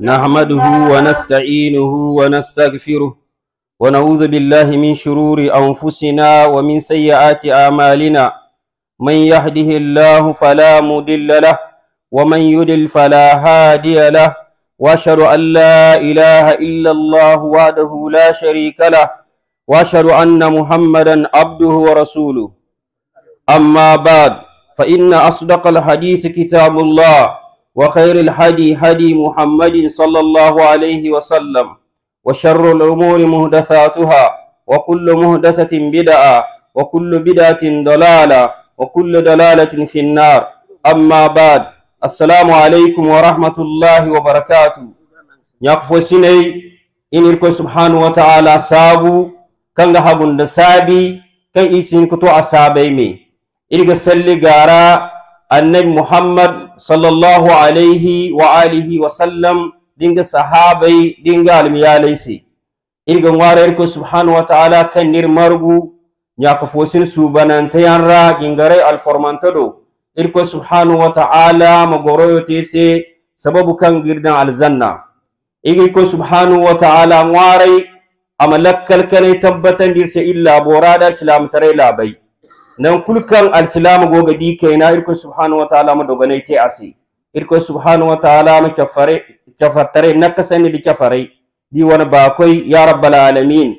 نحمده ونستعينه ونستغفره ونعوذ بالله من شرور أنفسنا ومن سيئات أعمالنا من يهده الله فلا مضل له ومن يضل فلا هادي له وأشهد أن لا إله إلا الله وحده لا شريك له وأشهد أن محمدا عبده ورسوله أما بعد فإن أصدق الحديث كتاب الله وخير الهدي هدي محمد صلى الله عليه وسلم وشر الأمور مهدثاتها وكل مهدثة بدعة وكل بدعة ضلالة وكل ضلالة في النار أما بعد السلام عليكم ورحمة الله وبركاته يقفو سني إن إلكو سبحانه وتعالى سابو كان غهبون دسابي كان إيسين كتو أسابي مي إلغا سلي غارا annabi muhammad sallallahu alaihi wa alihi wa sallam dinga sahabai dinga almiyalaise irga ngwara irko subhanahu wa ta'ala kan nir su nyaka fosin subananta yanra gingare alformantado irko subhanahu wa ta'ala magoroyo tese sababu kan girdan alzanna igirko subhanahu wa ta'ala ngware amalakkal kane tabbatan dirse illa borada islam tare labai nan kulkan alsilamu goga kaina irko subhanahu wa taala ma doganayte asi irko subhanahu wa taala ma cafare cafattare nakkasani di kafare di wana koy ya rabbal alamin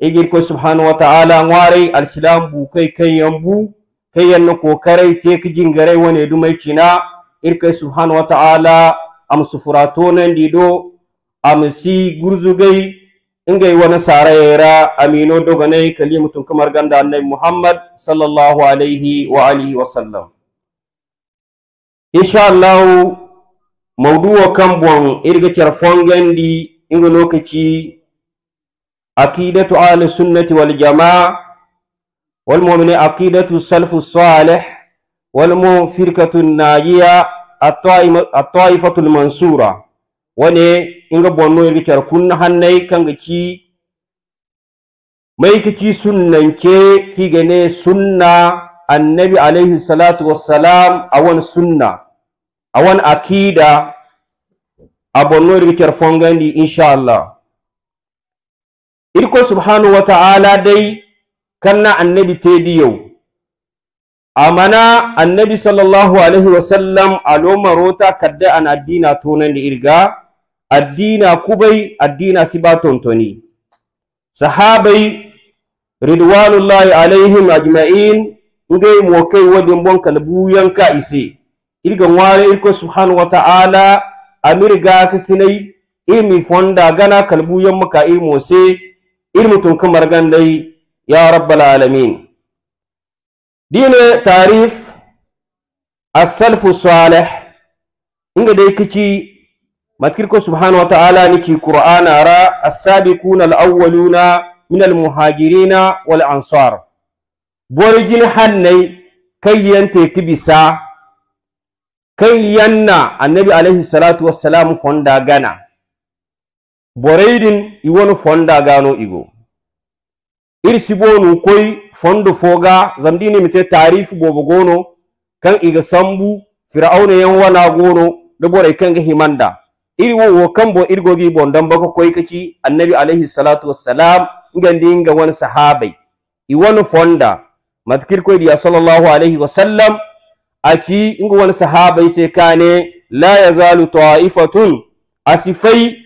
igi subhanahu wa taala ŋwarey alsilam yambu kai bu ko na kokarey teki jingarey wane kina irko subhanahu wa taala am sufuratonandi dido, am si gurzugai inga iwana Aminu amino doganay kalimutun kamar ganda annay muhammad sallallahu alaihi wa alihi wa insha Allah mawduwa kan bon irga gandi inga lokaci aqidatu ahli sunnati wal jamaa wal mu'mini aqidatu salafus salih wal mu'min najiya at-ta'ifatul mansura wane inga bonno yegi tar kunna hannai kanga ki mai kiki sunnanke ki gane sunna annabi alaihi salatu wassalam awan sunna awan akida a bonno yegi tar fongandi Allah. irko subhanahu wa ta'ala dai kanna annabi tediyo amana annabi sallallahu alaihi wasallam aloma rota kadda an addina tonan irga addina kubai addina siba tontoni sahabai ridwanullahi alaihim ajma'in ngey mo kay wodi bon kalbu yanka ise irga ware irko subhanahu wa ta'ala ga kisinai imi fonda gana kalbuyan maka imo se irmu tun kamar gandai ya rabbal alamin dine tarif as-salfu salih inga dai kici matkirko subhanahu wa ta'ala niki qur'ana ra as-sabiquna al-awwaluna min al-muhajirina wal ansar borjin hannai kayyante tibisa kayyanna annabi alaihi salatu wassalamu fonda gana boreydin iwonu fonda gano igo irsi bonu koy fondo foga zamdini mite tarif bobo gono kan iga sambu fir'auna yan wana gono da boray kan himanda iri wo wo kambo irgo gi bon dan bako koy kaci annabi alaihi salatu wassalam ngandi nga wani sahabai i wani fonda matkir koy diya sallallahu alaihi wasallam aki nga wani sahabai sai kane la yazalu ta'ifatun asifai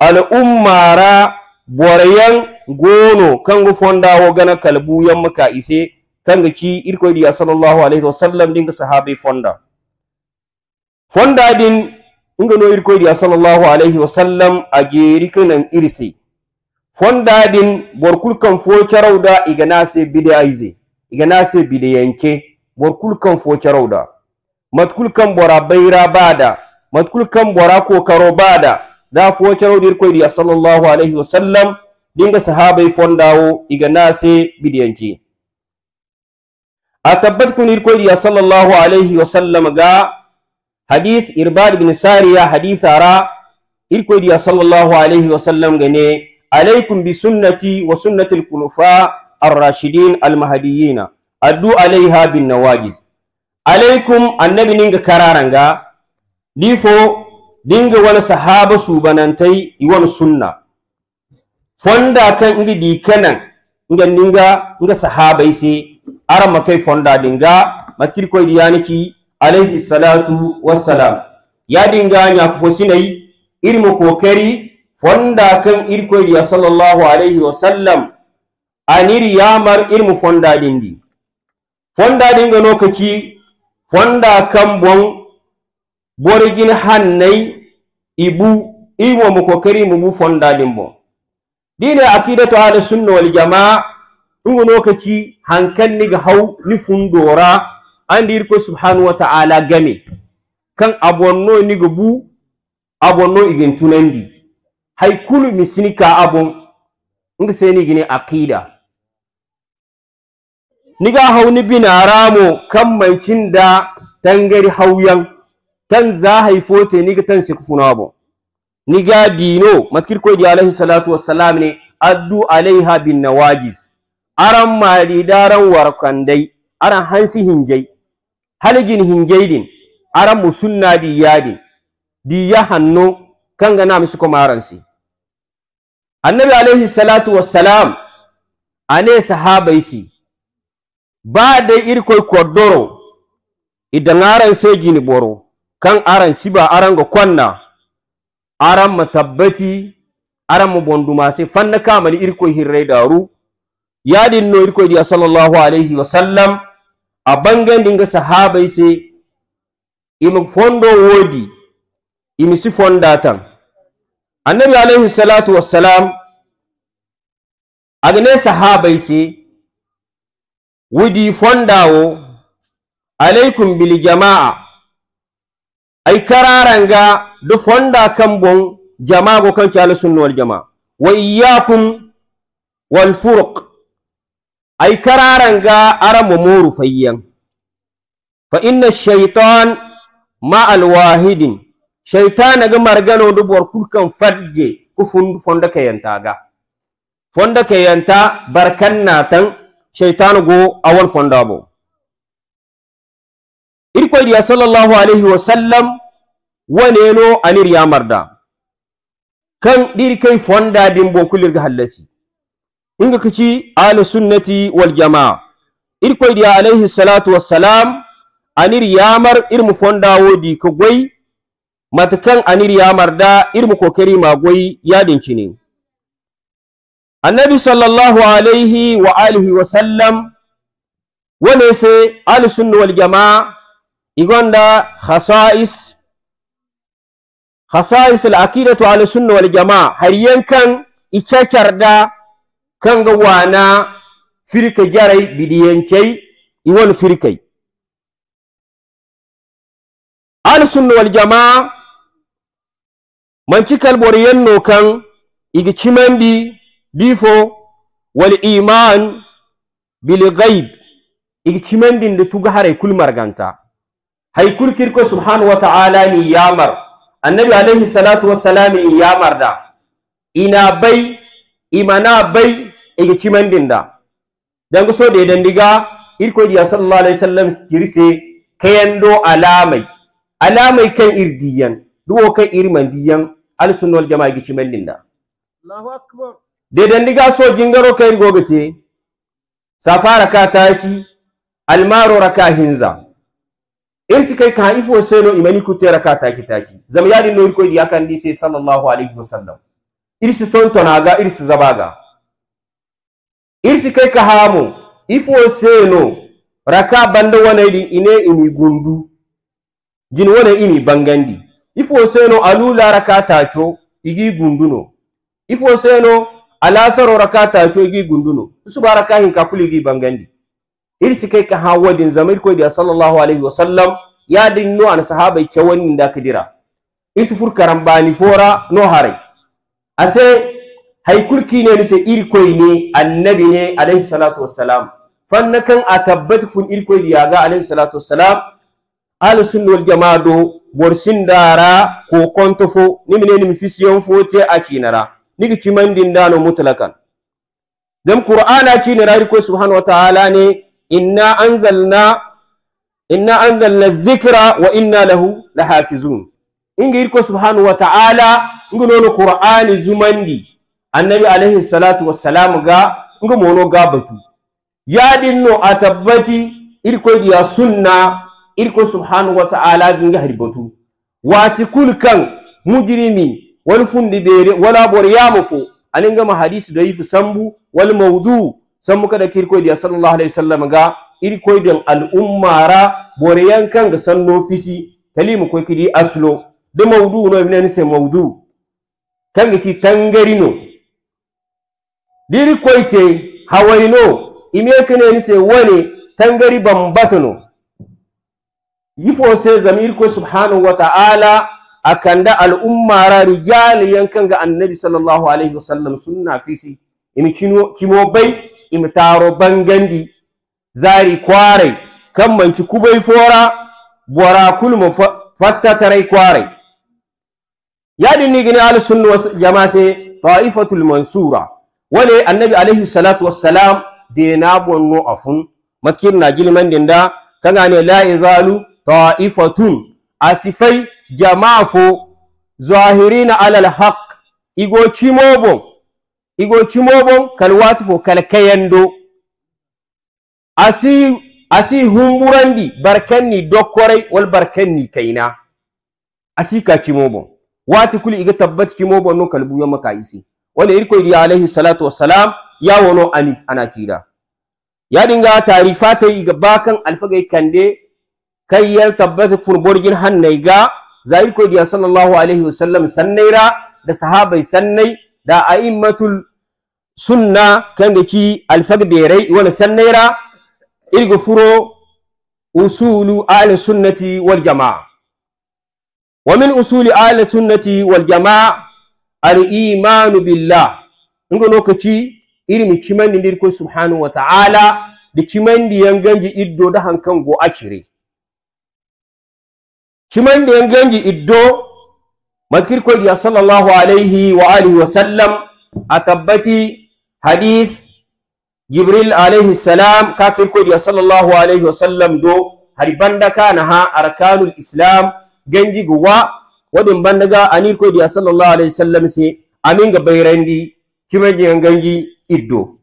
al ummara borayan gono kangu fonda wo gana kalbu yamma ka ise tanga ci irko diya sallallahu alaihi wasallam dinga sahabai fonda fonda din ngano ya sallallahu alaihi wa sallam a geeri kanan irse fondaɗin borkul kan fo carawda iganase bide aize iganase bide yanke borkul kan fo carawda matkul kan bora bayra bada matkul kan bora kokaro bada da fo carawda ya sallallahu alaihi wa sallam dinga sahabai fondawo iganase bide yanke a tabbat kun ya sallallahu alaihi wa sallam ga hadis irbad bin sariya hadithara irkodiya sallallahu alayhi wa sallam gane alaykum bi sunnati wa sunnati al-khulafa ar-rashidin al-mahdiyyin addu alaiha bin nawajiz alaykum annabi ninga kararanga difo dinga wani sahaba su subanantai iwan sunna fonda kan inga dikanan inga ninga inga sahabai sai arama kai fonda dinga matkir koy diyaniki alaihi salatu wassalam ya dinga ya sinayi sinai irmu kokari fonda kan irko a sallllahu alaihi wa sallam aniri irmu fonda dindi fonda dinga lokaci fonda kan bon borgin hannai, ibu irmo mu kokari mu mo bu fondaɗin bon dine akidatu ala sunna wal jamaa ɗugo lokaci ga hau ni fundora An irko subhanahu wa ta'ala game kan abonno ni gubu abonno igin tunandi haikulu misnika abon nga seni gini aqida niga hauni bina ramo kan mai da tangari hauyan tan za haifote niga tan sikufuna abon niga dino matkir ko di alaihi salatu wassalam ne addu alaiha bin nawajis aran mali daran warkandai aran hansi hinjai haligin hingeidin aran musunna di yadin di ya hanno kanga na misu kuma annabi alaihi salatu wassalam ane sahabaisi ba da irkoi kodoro idan aran sai gini boro kan aran siba aran ga kwanna aran matabbati aran mu bonduma sai fanna kamani irkoi hirre daru yadin no irkoi diya sallallahu alaihi wasallam A bangan dinga sahabai sai, imi fondo wodi imi si fonda tan annabi alayhi salatu wassalam agane sahabai sai, wudi fondawo alaikum bil jama'a 'Ai kararanga du fonda kan bon jama'a go kan ci ala sunnah wal jama'a wa iyyakum wal furq ay kararanga ara momoru fayyan fa inna shaitan ma alwahidin shaitan ga margano du bor kulkan fadje ku fonda kayanta ga fonda kayanta barkanna tan shaitan go awal fonda bo irkoy ya sallallahu alaihi wa sallam waneno anir marda. kan kai fonda dimbo kulirga halasi inga kici ahli sunnati wal jamaa irkoy dia alayhi salatu wassalam anir yamar irmu fondawo di ko goy matkan anir yamar da irmu kokari ma goy yadin cini annabi sallallahu alaihi wa alihi wa sallam wane se ahli sunna wal jamaa igonda khasa'is khasa'is al aqidatu ahli sunna wal jamaa har yankan da kanga wana firka jarai bidiyancai iwan firkai al-sunna wal jamaa manci kalbori yanno kan igi chimandi bifo wal iman bil ghaib igi chimandi nde tuga haray kul marganta hay kul kirko subhanahu wa ta'ala ni yamar annabi alayhi salatu wa salam ni yamar da ina bai imana bai ege cimandinda dango sode dandiga irkoyɗiya sallallah alih w sallam kirise keyando alamai. Alamai kan irdiyan duwo kan irmandiyan alsunna wal jama'a ege cimandinda de diga so jingaro ka irgogete safa raka taci almaro raka hinza irsi kai ka ifo seno imani kutte raka taki taki zama yadin no irkoyɗiya kandi se sallallahu alaihi wa sallam irsi ton tonaga irsi zabaga irsi kai ka hamo ifo seno raka banda di ine imi gundu jin wane imi bangandi ifo seno alula raka tacho igi gunduno ifo seno alasaro raka tacho igi gunduno ba raka hin kakuli igi bangandi irsi kai ka din zamir ko da sallallahu alaihi wasallam ya no an sahabai cewanin da kadira isu furkaran bani fora no hare ase haykulkineeni irkoi ne annabi ne alaihi salatu wassalam Fannakan a a tabbati fun irkoyɗi yaga alaihi salatu wassalam ahlusunna jama'a do Dara, ko ni mine ni nimi siyan fote a cinara nigi cimandindano mutlakan dem qur'ana cinara irkoy subhanahu wa taala ne inna anzalna inna anzalna dhikra wa inna lahu lahafizun ga irko subhanahu wa taala ngi nono qur'ani zumandi annabi alaihi salatu wassalam ga nga mono ga batu yaɗinno a tabbati diya sunna irko subhanahu wa ta'ala ginga hari batu wa kul kan mujrimi wal fundi bere wala bor ya fo alinga ma hadisi yifu sambu wal mawdu sambu kada diya sallallahu alaihi wasallam ga al al'ummara bor yankan ga sanno fisi kalimu kidi aslo de mawdu no ibnani se mawdu kangiti tangarino diri koyte hawaino imekene nise wani tangari bambatano yifo se zamiri ko subhanahu wa ta'ala akanda al'umma ra rijal yankan ga annabi sallallahu wa sallam sunna fisi imi kino kimo bai imi taro bangandi zari kware kan manci kubai fora bora kulmu fatta tarai kware yadin ni al sunna jama'a ta'ifatul mansura wale annabi alaihi salatu wassalam da na bonno afun matkin na gilman dinda kanga ne la izalu ta'ifatun asifai jama'afo zahirina alal haq igo cimobon igo cimobon kalwatifo kalkayando asi asi humburandi barkanni dokorai wal barkanni kaina asi ka cimobon wati kuli iga tabbata cimobon no kalbu yamma ka isi irko irkoyɗi alayhi salatu wassalam wano ani ana dinga tarifa ta yi bakan alfagai kande tabbatar tabbata furborjin ga. za irkoyɗiya sallallahu alaihi wasallam Sannaira da sahabai Sannai, da a'immatul sunna da ki alfag wani wala sannayra irga furo usulu ahli sunnati wal wa min usuli ahli sunnati jama'a. al in ga lokaci iri irmi cimandi da nirkun subhanahu wa ta'ala da da yan gangi iddo da hankan go a da yan gangi iddo matakir ko sallallahu alaihi wa alihi wa sallam a tabbati, hadith jibril alaihi salam kakir ko sallallahu alaihi wa sallam do haribanda kana ha arkanul islam ganji guwa wadin bandaga anil ko diya sallallahu alaihi wasallam Amin ga bayrendi cimeje ngangi iddo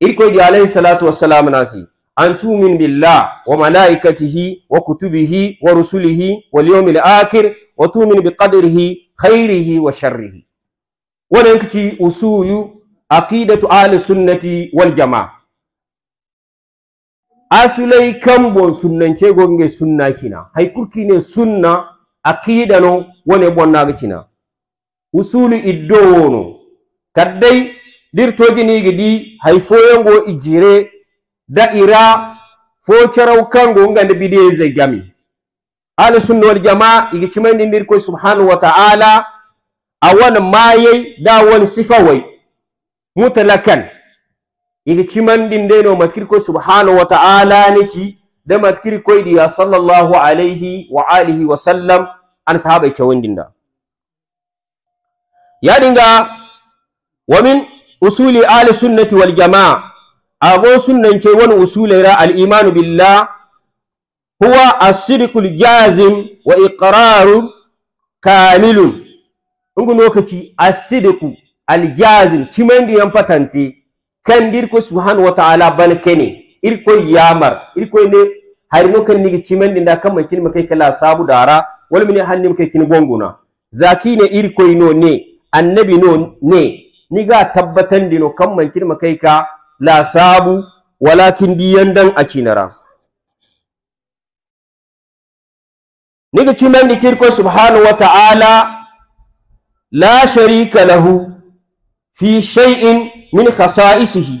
irko diya alaihi salatu wassalam nasi an min billah wa malaikatihi wa kutubihi wa rusulihi wa yawmil akhir wa tumin bi qadrihi khairihi wa sharrihi wannan kici usulu aqidatu ahli sunnati wal jamaa asulai kambon sunnance gonge sunna kina hay ne sunna Akida no wone bonnaago usulu iddo wono kadday dirtoji nigi ɗi hay ijire da'ira fo caraw kango ngande bidiyeze gami ala sunna wal jamaa igi cimayɗindir ko subhanahu wa ta'ala awan maye da wal sifawai mutalakan igi cimanɗindeno matkir ko subhanahu wa ta'ala niki. da tikiri koydi ya sallallahu alayhi wa alihi wa sallam an sahaba ke dinda ya dinga wa min usuli ahli sunnati wal jamaa ago sunnan ce wani ra al imanu billah huwa as-sidqul jazim wa iqraru kamilun ungu lokaci as-sidqu al jazim kimandi yan patanti kan dirko subhanahu wa ta'ala ban kene irkoy yamar irkoyne hayno kan nigi cimendi nda kam man kinima kay kala sabu dara wal min hanni kay kin gonguna zakine irkoyno ne annabi no ne Ni ga tabbatan dino kan man kinima kay ka la sabu walakin diyandan akinara niga cimendi kirko subhanahu wa ta'ala la sharika lahu fi shay'in min khasa'isihi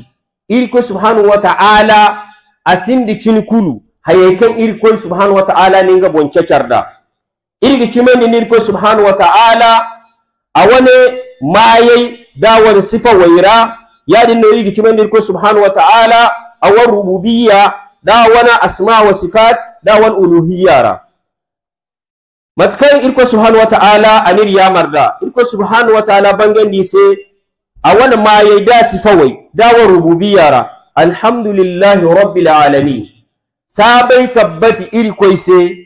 irko subhanahu wa ta'ala asindi chini kulu hayeken irko subhanahu wa ta'ala ninga bonche charda irgi chimendi nirko subhanahu wa ta'ala awane mayai dawar sifa waira yadin no irgi chimendi irko subhanahu wa ta'ala awan rububiyya dawana asma wa sifat dawan uluhiyyara matkan irko subhanahu wa ta'ala anir marda. irko subhanahu wa ta'ala bangan dise wani ma ya da sifawai dawar rububiyara alhamdulillahi rabbil alamin sabai tabbati iri koise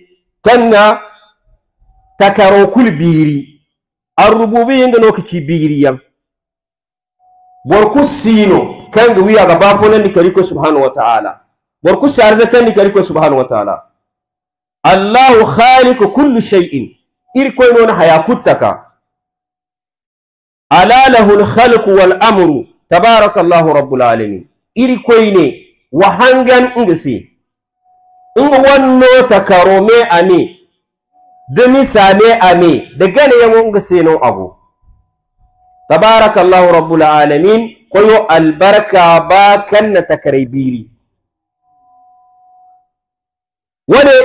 kanna takarokul biri an rububiyin ga lokaci biriyan borku sino kan ga wiya ga bafonan ni kariko subhanahu wataala borku sarza kan ni kariko subhanahu ta'ala allahu khaliqu kulli shay'in iri koyno na hayakuttaka ala alkhalqu wal amru tabarakallahu rabbul alamin iri koyne wahangan ngisi nga wanno takarome ame de same ame da gane yango ngisi no abu tabarakallahu rabbul alamin koyo albarka ba kanna takribiri wane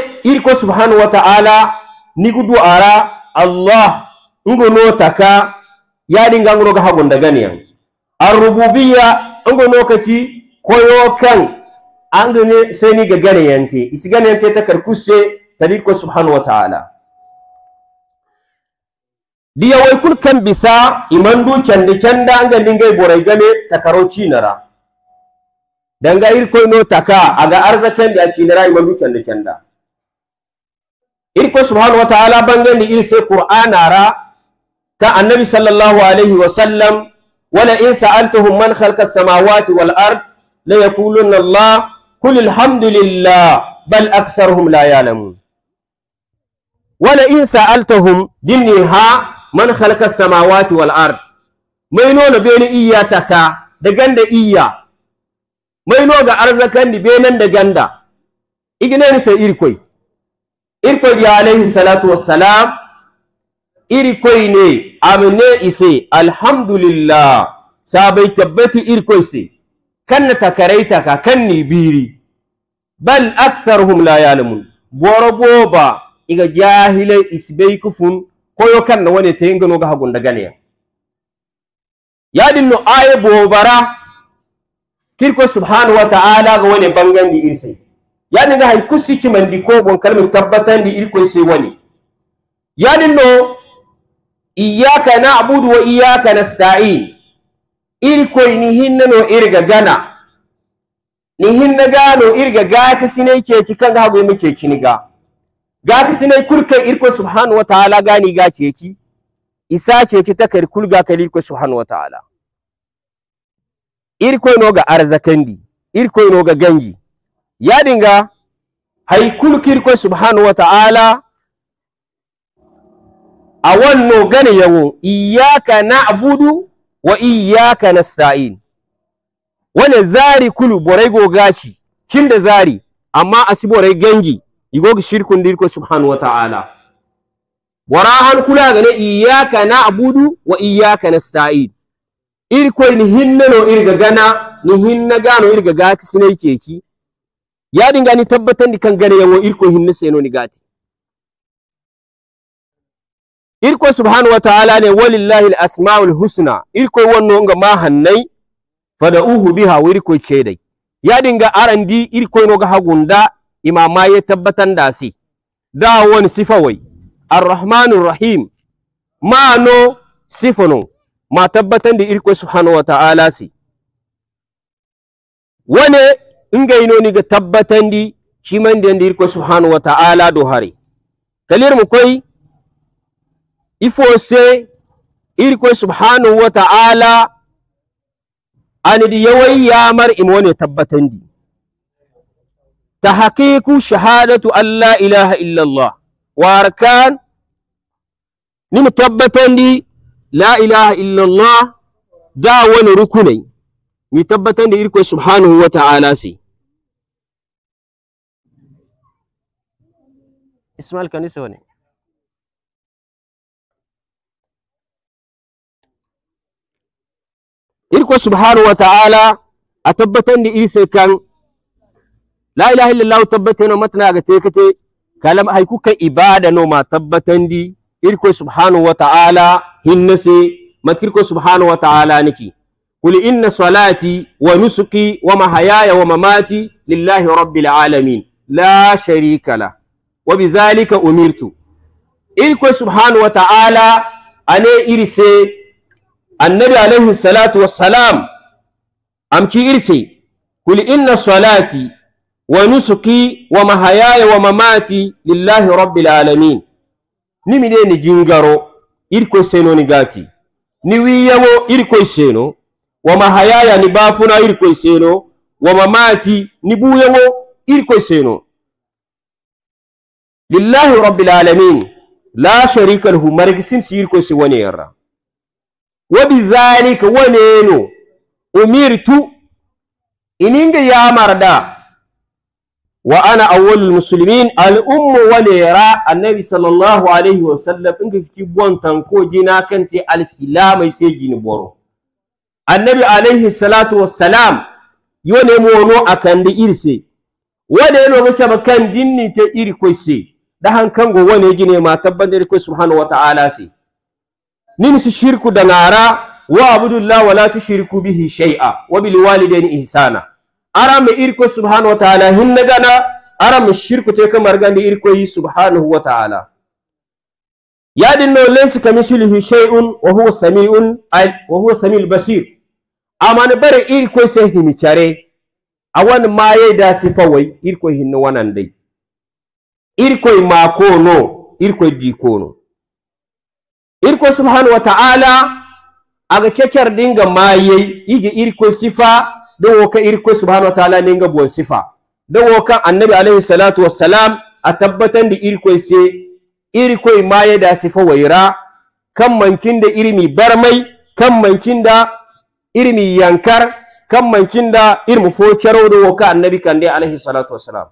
ko subhanahu wa ta'ala nigudu ara allah ngo no taka yaɗinga ngunoga ha gonda ganiyan arrububiya ngo nokaci koyo kan sai ni ga ganiyante isi ganiyante ta karkuse tadir ko subhanahu wa ta'ala diya wai kul kan bisa imandu candi canda anga dingai borai game takaro cinara danga irko no taka aga arzakan da cinara imandu candi canda irko subhanahu wa ta'ala bangani irse qur'anara ta annabi sallallahu alaihi wasallam wala in sa'altahum man khalqa samawati wal ard la yaquluna Allah qul alhamdulillah bal aktharuhum la ya'lamun wala in sa'altahum binniha man khalqa samawati wal ard mai nona beni iya taka da ganda iya mai no ga arzakan ni da ganda igine ni sai irkoi irkoi alaihi salatu wassalam irkoine amne ise alhamdulillah sabai tabbatu irkoise kanna takaraita ka kanni biri bal aktharuhum la ya'lamun boro boba iga jahilai isbei kufun koyo kanna wone gano ga hagunda ganeya yadinno aye bobara kirko subhanahu wa ta'ala ga wone bangandi irse yadinga hay kusici mandi ko bon kalmar tabbatan di irko sai wani yadinno na na'budu wa iyyaka nasta'in irkoi ni hinna no irga gana ni hinna gano irga ga ka sinai ke ci kan hagu goyi muke ciniga. ga ka sinai kurkai irko subhanahu ta'ala gani ga ce ki isa ce ki takar kulga ka irko subhanahu wataala irkoi no ga arzakandi irkoi no ga gangi ya dinga hay kulkirko subhanahu wataala awanno gani yawo na abudu wa iyaka na nasta'in wane zari kulu borai gogaci da zari amma si borai gangi igogi shirkun dirko subhanahu wa ta'ala wara han kula gane na abudu wa iyaka na nasta'in irko ni hinnano irga gana ni hinna gano irga gaki sinai keki ya dinga ni tabbatan ni kan gane yawo irko hinna seno ni gati irko subhanahu wa ta'ala ne walillahi al-asma'ul husna irko wannan ga ma hannai fada'uhu biha wa irko cedai ya dinga arandi irko no ga hagunda imama ya tabbatan da si da wani sifawai ar rahim ma no sifano ma tabbatan da irko subhanahu wa ta'ala si wane ingaino ni ga tabbatan di ciman da irko subhanahu wa ta'ala do hari kalir mu ifose irko subhanahu wa ta'ala anidi yawai yamar imone tabbatan di tahqiqu shahadatu la ilaha illallah warkan ni mutabbatan di la ilaha illallah da wani rukunai mi tabbatendi da irko subhanahu wa ta'ala si Ismail kan وني irko subhanahu wa ta'ala a tabbatar da irse kan la ilaha illallah tabbata no matna ga te kate kalam hay kuka ibada no ma tabbatan di irko subhanahu wa ta'ala hinnase matkirko subhanahu wa ta'ala niki qul inna salati wa nusuki wa mahayaya wa mamati lillahi rabbil alamin la sharika la wa bidhalika umirtu irko subhanahu wa ta'ala ane irse annabi alaihi salatu wassalam amci irse kul inna salati wa nusuki wa mahayaya wa mamati lillahi rabbil alamin nimine ni jingaro irko seno ni gati ni wiyawo irko seno wa mahayaya ni bafuna irko seno wa mamati ni buyawo irko seno lillahi rabbil alamin la sharika lahu margisin si irko si wani yarra wabidhalika waneno umirtu ininge yamarda wa ana awwalul muslimin al ummu wanera annabi sallallahu alaihi wasallam inga kiki bontanko jina kante al silamai sai jini boro annabi alaihi salatu wassalam yone mono akande irse waneno gacaba kan dinni te iri koise dahan kango wane jine ma tabbandiri ko subhanahu wa ta'ala sai su shirku da nara wa abudullah wa la tushriku bihi shay'a wa bil walidayni ihsana mai irko subhanahu wa ta'ala hinna gana Ara mai shirku te kamar gandi irko yi subhanahu wa ta'ala din no laysa kamithlihi shay'un wa huwa sami'un wa huwa samiul basir aman bare irko se himi chare awan maye da sifawai irko hinno wanan dai irko ma kono irko di kono irko subhanahu wa ta'ala aga kekar dinga maye ige irko sifa da woka irko subhanahu wa ta'ala ninga buwan sifa da woka annabi alaihi salatu wassalam a tabbatan da irko se irko maye da sifa waira kan mankin da irmi barmai kan mankin da irmi yankar kan mankin da irmu focaro da woka annabi kande alaihi salatu wassalam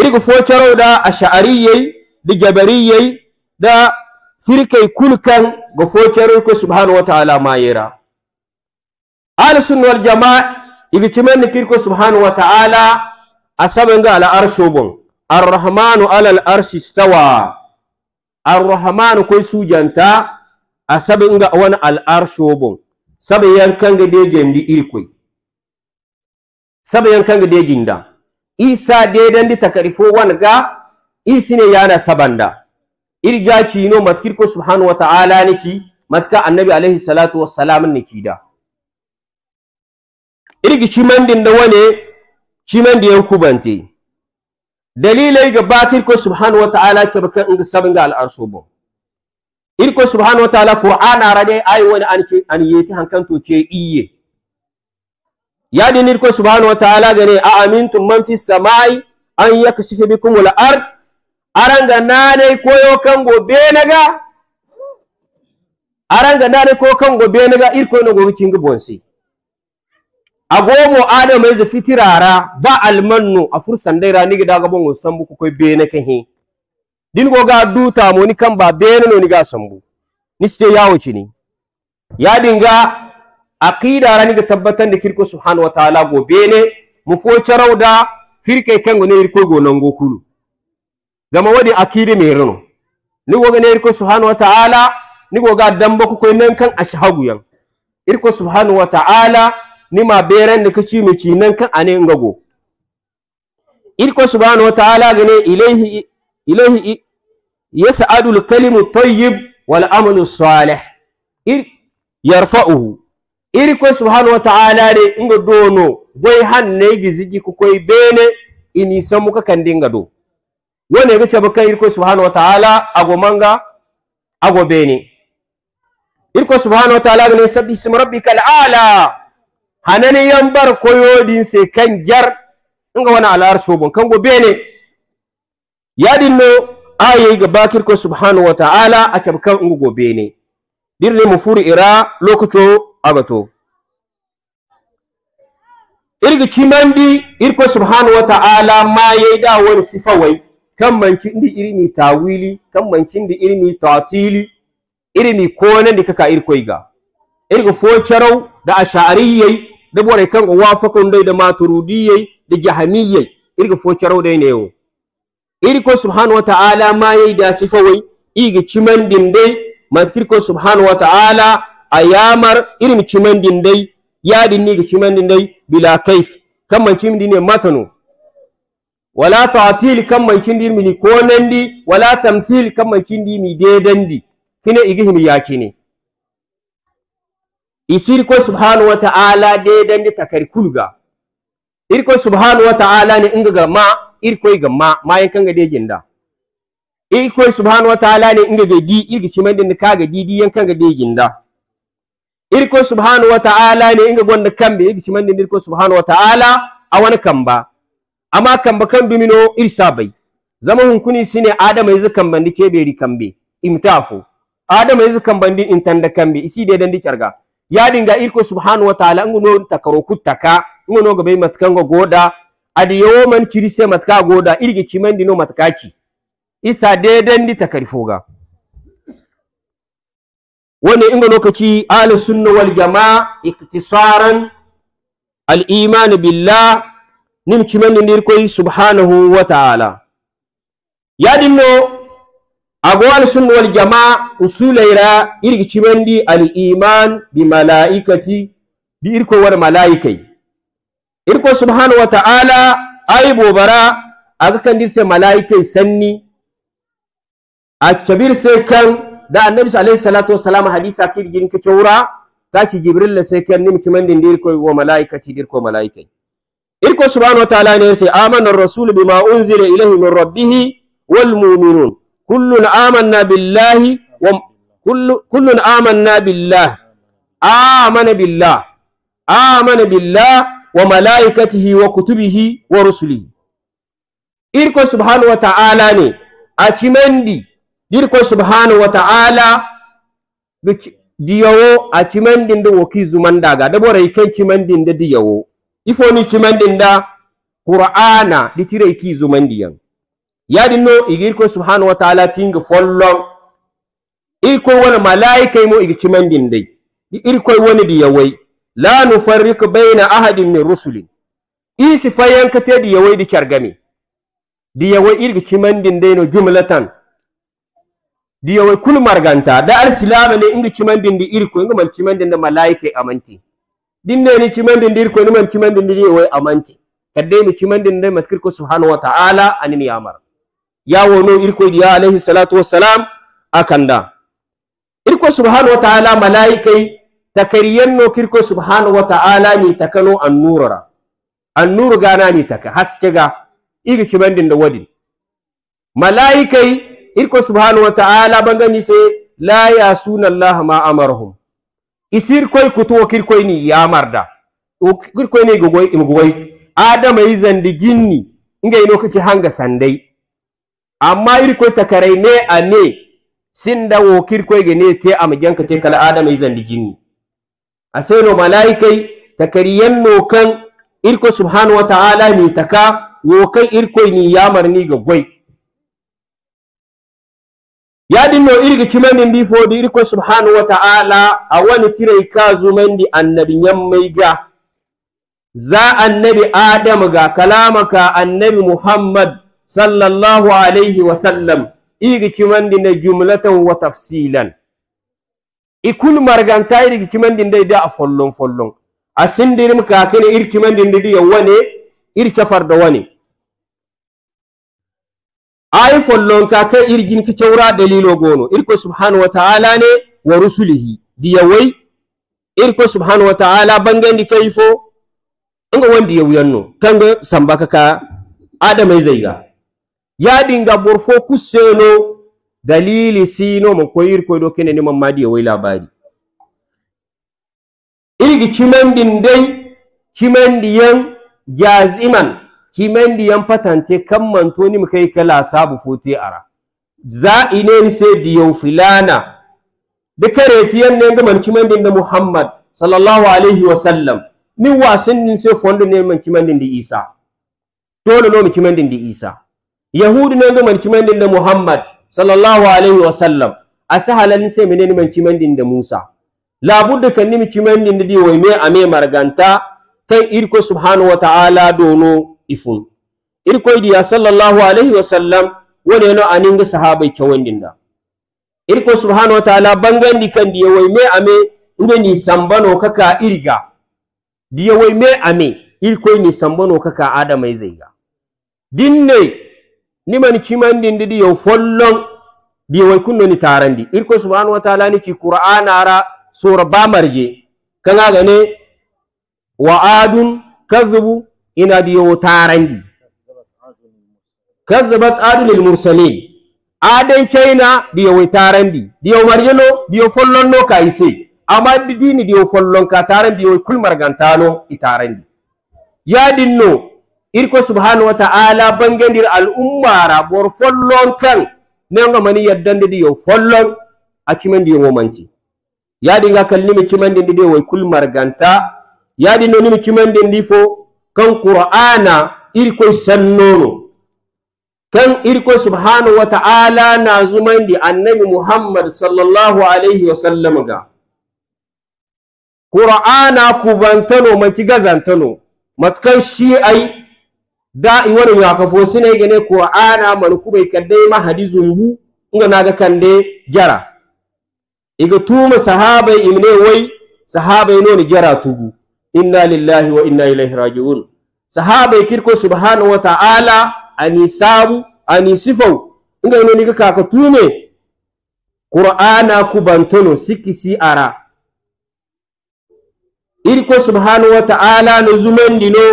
irko focharo da ash'ariyai da jabariyai da sirkay kulkan go foceroy subhanahu wa ta'ala mayera al sunna wal jamaa igi cimen kirko subhanahu wa ta'ala ga ala arsho bon arrahmanu ala al arshi stawa arrahmanu koy sujanta ga wani al arsho bon sabe yankanga deje ndi irkoy sabe yankanga dejinda isa dedandi takarifo ga isine yana sabanda irga no matkir ko subhanahu wa ta'ala niki matka annabi alaihi salatu wassalam niki da irgi cimandin da wane cimandi yan kubante dalilai ga batir ko subhanahu wa ta'ala ce baka inga al'arso bo irko subhanahu wa ta'ala qur'ana rade ayi wani an ce an yeti hankanto ce iye yadin irko subhanahu wa ta'ala gane a amintum man fis samai an yakshifu bikum al ard aranga nane koyo kango benaga aranga nanai koyo kango benaga irko no gogi cingi bonsi agomo adam ezi fitirara ba almanno afur sandaira nigi daga bongo sambu ko koy benaka he din go ga duta moni kamba benano ni ga sambu ste yawo cini ya dinga aqida rani ga tabbatan da kirko subhanahu wa ta'ala go bene mu fo charauda firke kango ne irko go nango kulu zama wadi akide merino nigo ne irko subhanahu wa ta'ala nigo ga dambo ku koy nan kan ashhagu yan irko subhanahu wa ta'ala ma beren da kici mi ci nan kan ane ngago irko subhanahu wa ta'ala gane ilaihi ilaihi yas'adul kalimu tayyib wal amalu salih ir yarfa'uhu irko subhanahu wa ta'ala de ingo dono goy hanne giziji ku koy bene ini samu ka kan dinga do woni ga caba kan irkoy subhanahu wa ta'ala ago manga ago beni irko subhanahu wa ta'ala gane sabbi ism rabbika al'ala hanani yambar koyodin sai kan jar inga wani al'ar shobon kan ne. beni yadin no ayi ga bakir ko subhanahu wa ta'ala a caba kan ingo ne. beni dirne mu furi ira lokaco agato irga cimandi irko subhanahu wa ta'ala ma yayi da wani sifawai kan manci ndi irimi tawili kan manci ndi irimi tatili irimi kone di kaka irkoiga irga focarau da asha'ariyai da bore kan ga wafakan dai da maturudiyai da jahamiyai irga focarau dai ne yo irko subhanahu wa ta'ala ma yai da sifawai iga ciman din dai matkirko subhanahu wa ta'ala ayamar irimi ciman din dai yadin ni ga ciman din bila kaif kan manci din ne matano wala ta'til kan man kindi ko nandi wala tamthil kan man kindi mi dedandi kine igihimi ne. isir ko subhanahu wa ta'ala dedandi takar kulga irko subhanahu wa ta'ala ne inga ga ma irko ga ma ma yankan ga ir ko subhanahu wa ta'ala ne inga ga gi irga din ka ga di di yankan ga ir irko subhanahu wa ta'ala ne inga gonda kambe din ir irko subhanahu wa ta'ala a wani kamba Amma ba kan kambi irsa bai. zama hunkuni shine adama yanzu kan yizu kambandi kan kambe imtafu adama yizu kambandi kan be isi de dandi charga ya dinga irko subhanahu wa ta'ala nguno takaro kutaka nguno gabe go goda adi yawo man kirise matka goda irge kiman dino matkaci isa di dandi ga Wani inga lokaci ahlus sunna wal jamaa iktisaran al iman billah nim cimenni ndir koy subhanahu wa ta'ala yadinno ago alsunna wal jamaa usulaira irgi cimendi al iman bi malaikati bi irko war malaikai irko subhanahu wa ta'ala ay bobara aga kan dirse malaikai sanni a kabir sai kan da annabi sallallahu salatu wasallam hadisa kirgin kicura ta ci jibril sai kan nim cimendi ndir koy wa malaikati dirko malaikai irko subhanahu wa ta'ala ne sai amana ar-rasul bima unzila ilayhi min rabbih wal mu'minun kullun amanna billahi wa kullun amanna billah amana billah amana billah wa malaikatihi wa kutubihi wa rusulihi irko subhanahu wa ta'ala ne a cimendi dirko subhanahu wa ta'ala diyawo a cimendin da woki zuman daga dabora iken cimendin da diyawo ifoni cimandinda qur'ana ditire iki zumandiyan yadinno igirko subhanahu wa ta'ala tinga follon irko wani malaikai mo igi cimandin dai irko wani diyawai la nufarriqu baina ahadin min rusulin isi fayanka te diyawai di chargami diyawai irgi cimandin dai no jumlatan diyawai kul marganta da arsilama ne inga cimandin di irko inga man cimandin da malaikai amanti dinne ni cimandin dir ko ni man cimandin dir way amanti kadde mi cimandin dir matkir ko subhanahu wa ta'ala anin yamar ya wono irko ya alaihi salatu wa salam akanda irko subhanahu wa ta'ala malaikai takariyanno kirko subhanahu wa ta'ala ni takano annurara annur gana ni taka haske ga igi cimandin da wadin malaikai irko subhanahu wa ta'ala bangani sai la yasuna allah ma amarhum isir koy kutuwo kirkoyni ni kirkoyni gogoy imgogoy adama izan di ginni Inga ino kichi hanga sandai amma irkoy takarai ne a ne sinda wo kirkoy ge ne te ama janka te kala adama izan di ginni aseno malaikai takariyan no kan irko subhanahu wa ta'ala ni taka wo kai irkoy ni yamar ni gogoy no irga cimendi iri irkoy subhanahu wa ta'ala awani tiray ka mendi annabi yammayga za annabi adam ga kalamaka annabi muhammad sallallahu alaihi sallam, irga cimendi na jumlatan wa tafsilan ikul marganta irga cimendi ndi da a follon follon a sindirin kakene ir cimendindi di yo wane wani ay kai irgin ki taura dalilo gono irko subhanahu wa ta'ala ne wa rusulihi diyawai irko subhanahu wa ta'ala bangendi kayfo nga wandi yewuyanno kanga sambaka ka adamai zaiga yadinga borfo kusseno dalili sino mo koyir koyɗo keneni mammadi yeway labari irgi cimandin dai yan jaziman kimendi yan patante kammantoni mukai kala sabu fote ara za ine se diyon filana de kareti yan ne ga man kimendi da Muhammad sallallahu alaihi wa sallam ni wasin ni se fondo ne man kimendi da Isa dole no mu kimendi da Isa yahudu ne ga man kimendi da Muhammad sallallahu alaihi wa sallam asahalan se menene man kimendi da Musa labudda kan ni mu kimendi da di wai me ame marganta kai irko subhanahu wa ta'ala dono ifun irkoi diya sallallahu alaihi wa sallam woneno aninga sahabay da. irko subhanahu wa taala bangandi diya yewoy me ame ni sambano kaka irga diya woy me ame irkoy ni sambano kaka adamay zeyga dinne man cimandindi diya yo follon ɗi kunno ni tarandi irko subhanahu wa taala ni ci qur'anara sura bamarje gane wa adun kadhubu ina diyo tarandi kazzabat adulil mursalin aden china diyo we tarandi diyo marjelo follon follonno kaise amma dini biyo follon ka tarandi margantano itarangi ya dinno irko subhanahu wa ta'ala bangendir al umma rabor follon kan ne nenga mani yaddande diyo follon acimendi yo momanti ya dinga kallimi cimenden ɗi ɗe kul marganta ya no ni chimen ndi fo kan qur'ana irkoy sannono kan irko subhanahu wa ta'ala na zuma di annabi Muhammad sallallahu alaihi wa sallam ga ku bantano mati gazantano matkan shi ai da wani ya kafo ne gane Qur'ana man kubai kadai ma hadizun bu inga ga kande jara iga tuma sahabai imne wai sahabai nuna jara tugu إنا لله وإنا إليه راجعون صحابة كيركو سبحانه وتعالى أني سابو أني سفو إنك إنو نونيك كاكتوني قرآن كبانتونو سكي سي أرى إيركو سبحانه وتعالى نزمن دينو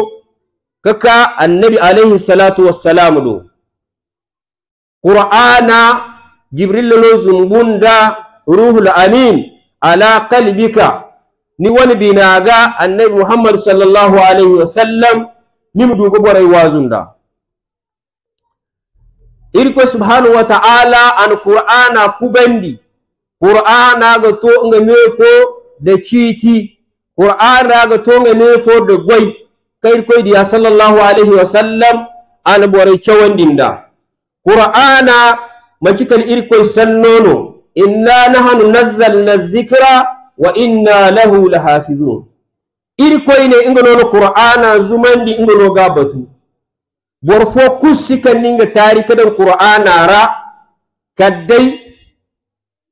كاكا النبي عليه الصلاة والسلام دو قرآن جبريل لو زنبون دا روح الأمين على قلبك ni wani binaga annabi muhammadu Sallallahu alaihi wa sallam nimu dugo boray wazunda iri ko subhanahu wa ta'ala an qur'ana kubendi qur'ana ga to nga mefo da citi qur'ana ga to nga mefo da goy kai ko diya sallallahu alaihi wa sallam an boray chawandinda qur'ana makikal irko sannono inna nahnu nazzalna dhikra wa inna lahu lahafizun irkoyne ingolono qur'ana zumandi ingolo gabatu bor fo kussikanninga tarika dan qur'ana ra iri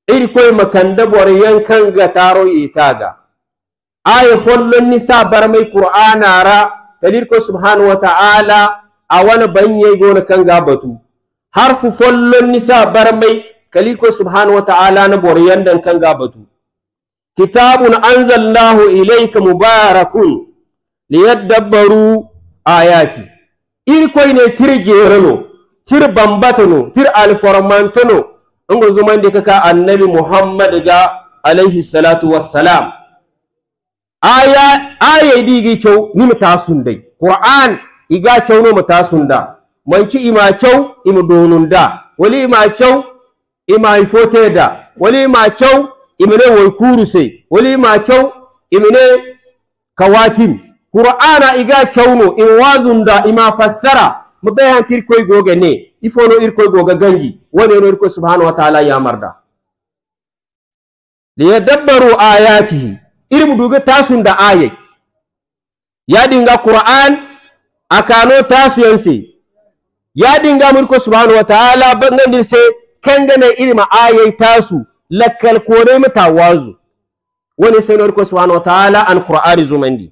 irkoy makanda bor ga taro itaga aya ni sa mai qur'ana ra ko subhanahu wa ta'ala awana banye gona kan gabatu harfu ni sa barmai kaliko subhanahu wa ta'ala na bor yandan kan gabatu kitabun anzallahu ilayka mubarakun liyadabbaru ayati iri ne tir gerano tir bambatano tir alformantano ngo zumande kaka annabi muhammad ga alayhi salatu wassalam aya aya digi chow nim dai. qur'an iga chow no mutasunda manci ima chow im donunda wali ima chow ima ifoteda wali ima chow imene woikuruse wali ma chow imene kawatim qur'ana iga chauno in wazunda ima fassara mbe hankir koy goga ne ifono ir koy goga ganji wone no irko ko subhanahu wa ta'ala ya marda liyadabbaru ayatihi ir muduga tasunda aye ya dinga qur'an akano yansi ya dinga murko subhanahu wa ta'ala bangandirse kangane irma ayai tasu wani sai woni senoriko subhanahu wa taala an qur'ani zumandi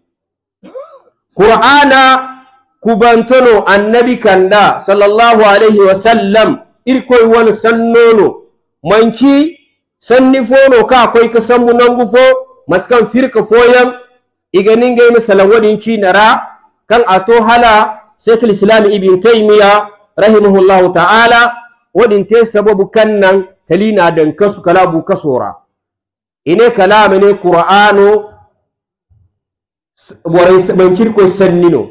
qur'ana kubantono annabi kanda sallallahu alaihi wa sallam irkoy sannono manci sanni ka akwai ka sammu nangu fo matkan firka foyam iganingayno salan wadin ra kan ato hala sheikh lislam ibn taymiya rahimahullahu taala wadin te sababu nan. kalina dan kasu kala bu kasora ine kala mene qur'ano warai ban kirko sannino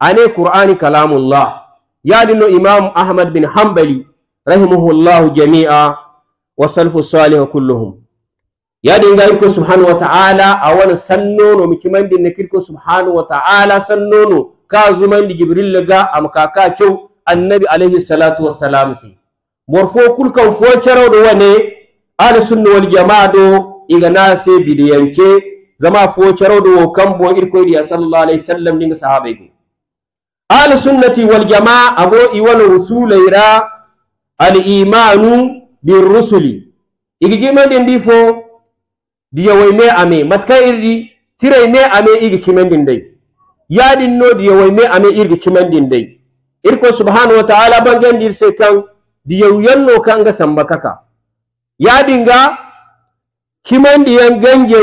ane qur'ani kalamullah yadino imam ahmad bin hanbali rahimahullahu jami'a wa salfu salih kulluhum Ya dinga kirko subhanahu wa ta'ala awan sannono mikimandi ne kirko subhanahu wa ta'ala sannono ka zuman di jibril ga amkaka cew annabi alaihi salatu wassalam si morfo kulkan fo da wane ala sunna wal jamaa do na sai bidiyanke zama fo charado wo kambo irko diya sallallahu alaihi wasallam ning sahabai ko ala sunnati wal jamaa abo iwal rusulaira al imanu bir rusuli igijima den di fo diya wayne ame matka irdi tirai ne ame igi cimendin dai yadin no diya wayne ame irgi cimendin dai irko subhanahu wa ta'ala bangen dir se kan diyaw yanno kanga samba kaka yadinga kimandi yan ganje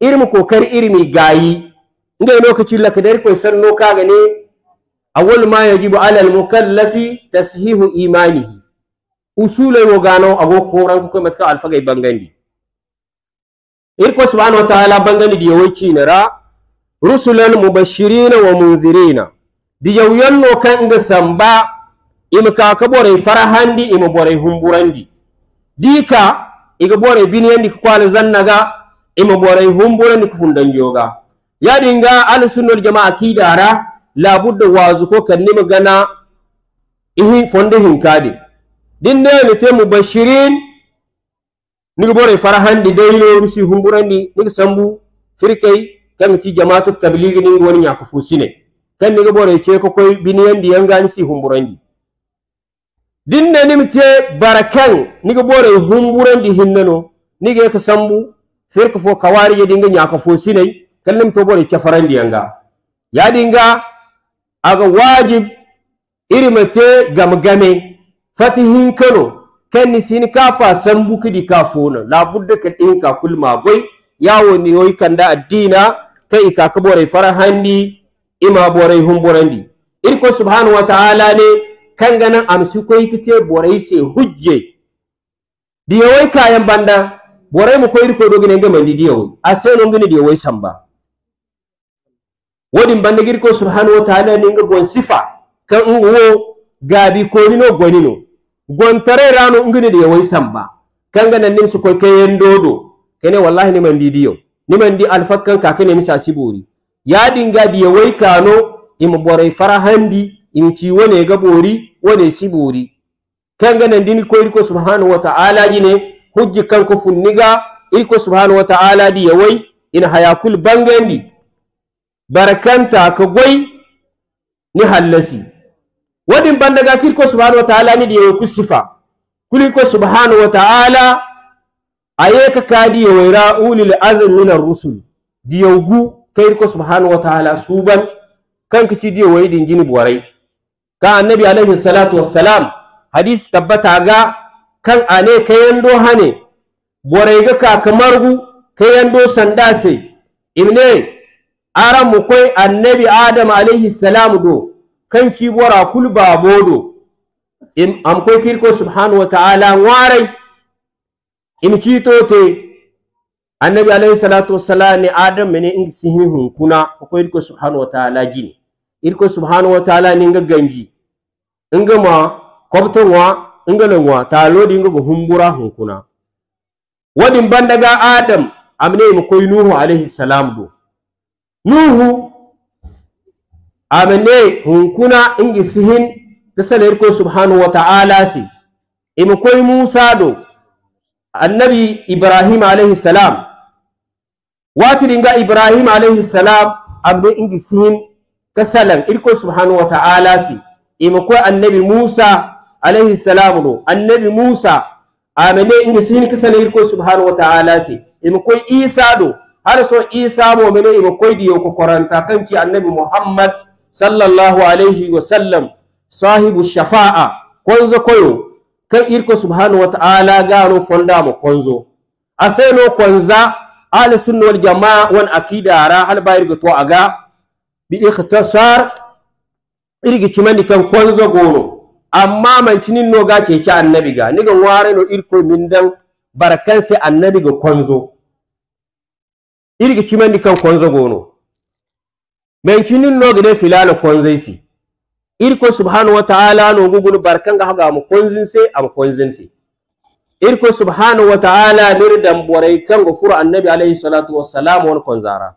irmu kokari irmi gayi ngai lokaci la kadar ko san no kaga ne awwal ma yajibu ala al mukallafi tashihu imanihi Usule wo gano ago koran ko matka alfagai bangandi irko subhanu wa ta'ala bangandi diyaw ra, rusulan mubashirina wa munzirina diyaw kanga samba ima kaka ɓorey farahandi? ima ɓorey humburandi dika iga ɓorey biniyandi ko kwale zannaga ima ɓorey humburandi ko fundanjoga nga ala sunnul jama akidara labudda wazuko kannima gana ihi fonde hinkadi dinde nene te mubashirin niga ɓorey fara handi dayno misi humburandi niga sambu firkey kanga ti jamatu tabligi ningu wani nyakufusine kan niga ɓorey ceeko koye biniyandi yanga nisi humburandi dinne nimte barakan niga bore humburen di hinnano niga ka sambu firka fo kawari ya dinga nyaka fo sinai kallim to bore kafaran diyanga ya dinga aga wajib irimate gamgame fatihin kano kanni sini kafa sambu kidi kafona labudda ka dinka kulma goy yawo woni yoy kanda addina kai ka ka bore farahandi ima bore di irko subhanahu wa ta'ala ne tangana amsi koy kite borai se hujje diyo wai kayan banda borai mu koy ko dogine ngam ndi diya way aseno ngini diya way samba wodin banda girko subhanahu wataala ne ga gon sifa kan uwo gabi ko no gon gontare rano ngini diyo wai samba kanga nan nim su koy kayen dodo kene wallahi ni mandi diyo ni Mandi di alfakkan ne misa sibori ya dinga diyo wai kano im borai farahandi im ciwo ne ga bori wone sibuuri kengene dini ko iriko subhanahu wa ta'ala jine hujji kanko funniga iriko subhanahu wa ta'ala di yawai ina hayakul bangendi barakanta ka gwai ni hallasi wadin bandaga kirko subhanahu wa ta'ala ni diye ku sifa kuliko subhanahu wa ta'ala ayeka kadi ya ulil azm min ar-rusul diyawgu kairko subhanahu wa ta'ala suban kanka ci diyo wai din jini borai ka annabi alaihi salatu wassalam hadisi tabbata ga kan ane yando hane boreyga ka yando sanda sandase ibne aran mu koy annabi adam alaihi salam do kan ki bora kul do in am koy kirko subhanahu wa ta'ala warai in te annabi alaihi salatu wassalam ne adam mene in sihi hunkuna ko kirko subhanahu wa ta'ala gini irko subhanahu wa ta'ala ne ga ganji nga mwa kobto mwa nga le mwa ta lodi nga go humbura hunkuna wadin bandaga adam amne mu koy nuhu alaihi salam do nuhu amne hunkuna ingi sihin kasalar ko subhanahu wa ta'ala si im koy musa do annabi ibrahim alaihi salam watiringa ibrahim alaihi salam amne ingi sihin kasalan irko subhanahu wa ta'ala si imako annabi musa alayhi salam ɗo annabi musa amene inge sini kisana irko subhanahu wa ta'ala si imako isa do har so isa mo mene imako diyo ko koranta kanki annabi muhammad sallallahu alayhi wa sallam sahibu shafa'a konzo koyo kan irko subhanahu wa ta'ala gano fondamo konzo aseno konza ahli sunna wal jamaa won akidara hal bayirgo to aga bi ikhtisar irgi cimandi kan kwanza gono amma mancinin noga ce annabi ga nigan no irko min dan sai annabi ga kwanzo. irgi cimandi kan kwanza gono mancinin noga filala kwanza isi irko subhanahu wa ta'ala gugun barkan ga haga mu sai am sai irko subhanahu wa ta'ala dan damborai kan gofuru annabi alaihi salatu wassalam wal kwanzara,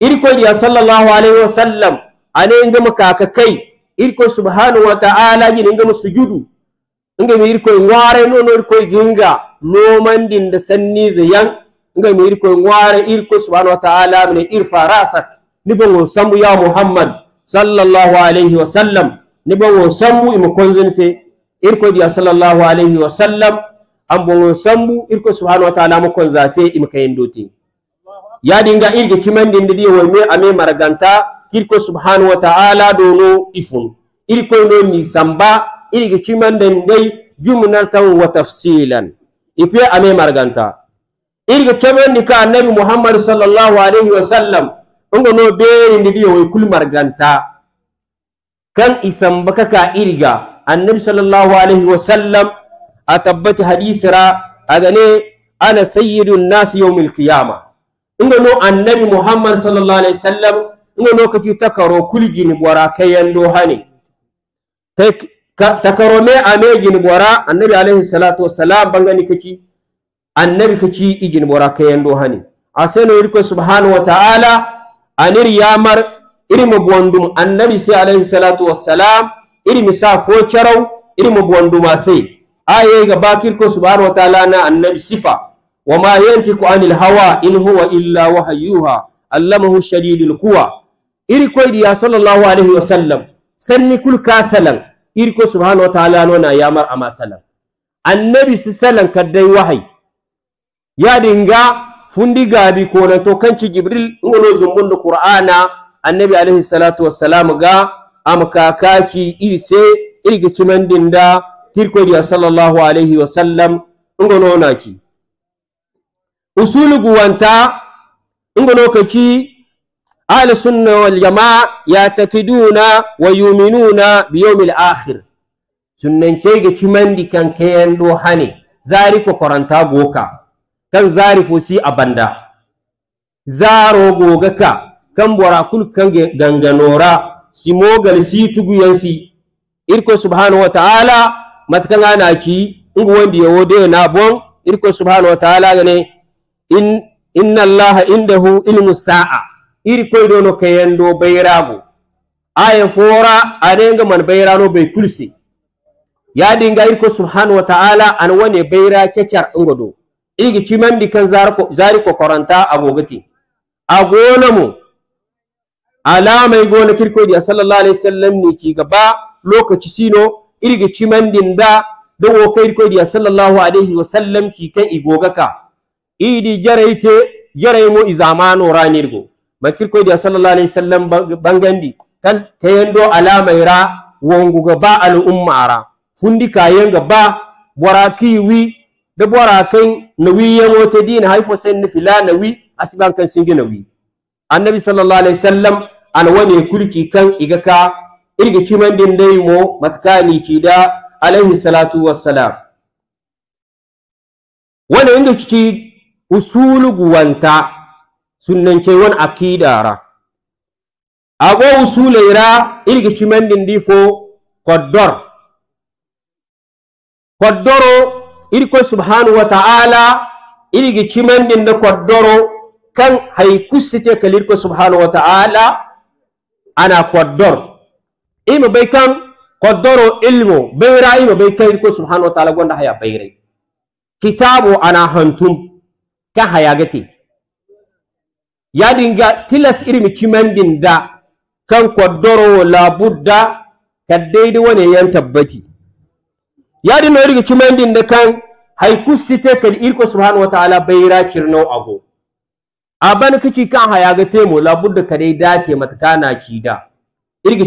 irko diya sallallahu alaihi wasallam ane ngama kaka kai irko subhanahu wa ta'ala inga ngama sujudu mi irko ngware no no irko ginga no mandin da sanni zayan mi irko ngware irko subhanahu wa ta'ala min irfa rasak nibon sambu ya muhammad sallallahu alayhi wa sallam nibon sambu imakonzin se irko diya sallallahu alayhi wa sallam ambon sambu irko subhanahu wa ta'ala ima imakayendote ya dinga irge kimandin da diyo ime ame maraganta kirko subhanahu wa ta'ala dono ifun irko no ni samba irige cimanden dai jumnal tan wa tafsilan ipe ame marganta irige kemen ni ka annabi muhammad sallallahu alaihi wa sallam ngo no beri ndi yo kul marganta kan isamba kaka irga annabi sallallahu alaihi wa sallam a tabbati hadisira a gane ana sayyidun nasu yawmil qiyama inda no annabi muhammad sallallahu alaihi wasallam ina lokaci karo kuljini bora kayando hane takaro me ame gini bora annabi alaihi salatu wassalam bangani kaci annabi kaci ijini bora A hane aseno irko subhanahu wa ta'ala anir yamar irma bondum annabi sai alaihi salatu wassalam iri sa fo charau irma bonduma sai aye ga bakir ko subhanahu wa ta'ala na annabi sifa وما ينطق عن الهوى إن هو إلا Allah علمه شديد kuwa. Iri ya sallallahu alaihi wa sallam sanni kasalan iri ko subhanahu wa taala ya yamar ama salan annabi si salan wahai ya dinga fundi gaabi to kanci jibril zumbun zumbundo qur'ana annabi alaihi salatu wassalam ga ama kakaki iri se dinda, cimandinda tirkoyɗiya sallallahu alaihi wa sallam usulu guwanta wanta kaci ahli sunna wal jamaa yatakiduna wa yuminuna bi yawmil akhir sunnancege cimandi kan kayan ɗo hane zari ko karanta goka kan zari fo si a banda zaro goga ka kan bora kul kan ganganora si mogal si tuguyansi irko subhanahu wa ta'ala matkan anaki ngu wandi de na bon irko subhanahu wa ta'ala gane in inna allaha indahu ilmu sa'a iri koyɗo no kayendo bayrago aye fora anenga man bayrano bay kulsi dinga iri ko subhanahu wa taala an wane bayra cecar ngodo ɗo igi cimandi kan zari ko koranta agogati agonamo alama gona kirko a sallallahu alaihi wasallam ni cigaba lokaci sino irga din da da kai ko diya sallallahu alaihi wa sallam ki kai igogaka idi jaraite jarai mo izamano ranirgo matkir koy dia sallallahu alaihi wasallam bangandi kan kayendo wongu ga ba al ara fundi kayenga ba bora kiwi da bora kan nawi ya te din haifo sen ni fila nawi asiban kan singi nawi annabi sallallahu alaihi wasallam an wani kulki kan igaka irga kiman din dai mo matkani da alaihi salatu wassalam wane inda kici usulu guwanta wani sunnanceewwan akiidaara agoo usuuleyraa irgi cimendindi fo koddor koddoro irko subhanahu wa ta'ala irgi da koddoro kan haykusite irko subhanahu wa ta'ala ana koddor ima bay kan koddoro ilmo ra ima bay kan irko subhanahu wa ta'ala gonda haya bayray kitabu ana hantum kan hayagati dinga tilas irimi da kan dorowo labudda daidai wane yan tabbati irin kimandin da kan haiku site kadi irko subhanahu wa taala bayra cirno ago aban kici kan hayaga temo labudda dai date da. cida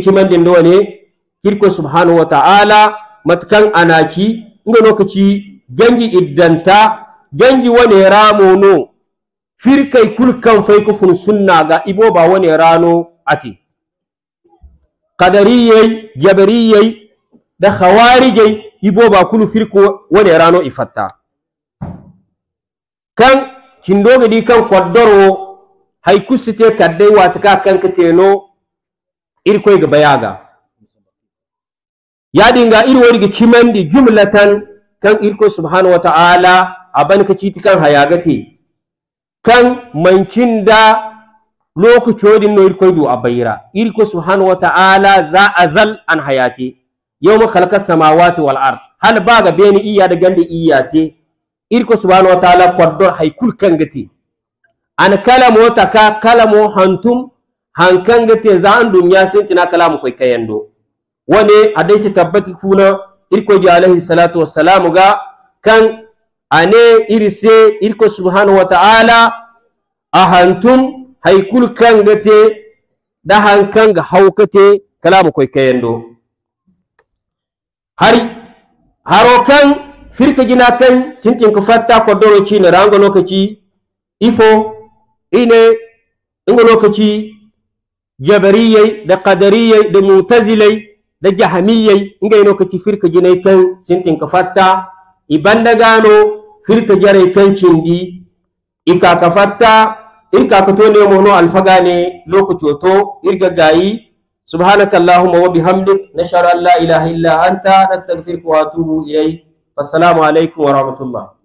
kimandin da wane irko subhanahu wa taala matkan anaki ngo lokaci gangi iddanta gangi wane ramono firkay kulkan Faikufun ko ga ibo ba wani rano ati qadariyey jabariyey da ibo ba kulu firko wani rano ifatta kan kindoge di kan kwaddoro hay kusite kadde watka kan kateno irkoy ga bayaga yadinga ga cimandi jumlatan kan irko subhanahu wa ta'ala aban ka citi hayagati kan mancinda da no irkoy du a baira, irko subhanahu wa ta'ala za azal an hayati yawma khalaqa samawati wal ard hal ga beni iya da gande iyate irko subhanahu wa ta'ala qaddar hay gati, kangati an kalamu wata ka hantun hantum gati, za an dunya sun tina kalamu koy yando. wane adai se tabbati funa irko ji alaihi salatu wassalamu ga kan ane irise irko subhanahu wa ta'ala ahantum haikul kangate dahan kanga haukate kalamu koy kayendo hari haro kan firka gina kan sintin ku fatta ko doro ci na rango lokaci ifo ine ingo lokaci jabariyai da qadariyai da mutazilai da jahamiyai inga lokaci firka jina kan sintin ku fatta ibanda gano firka jare ika ka fatta irka alfaga ne lokaci to irga gayi allahumma wa bihamdik nashara la ilaha illa anta nastaghfiruka wa atubu ilayk assalamu alaikum wa rahmatullah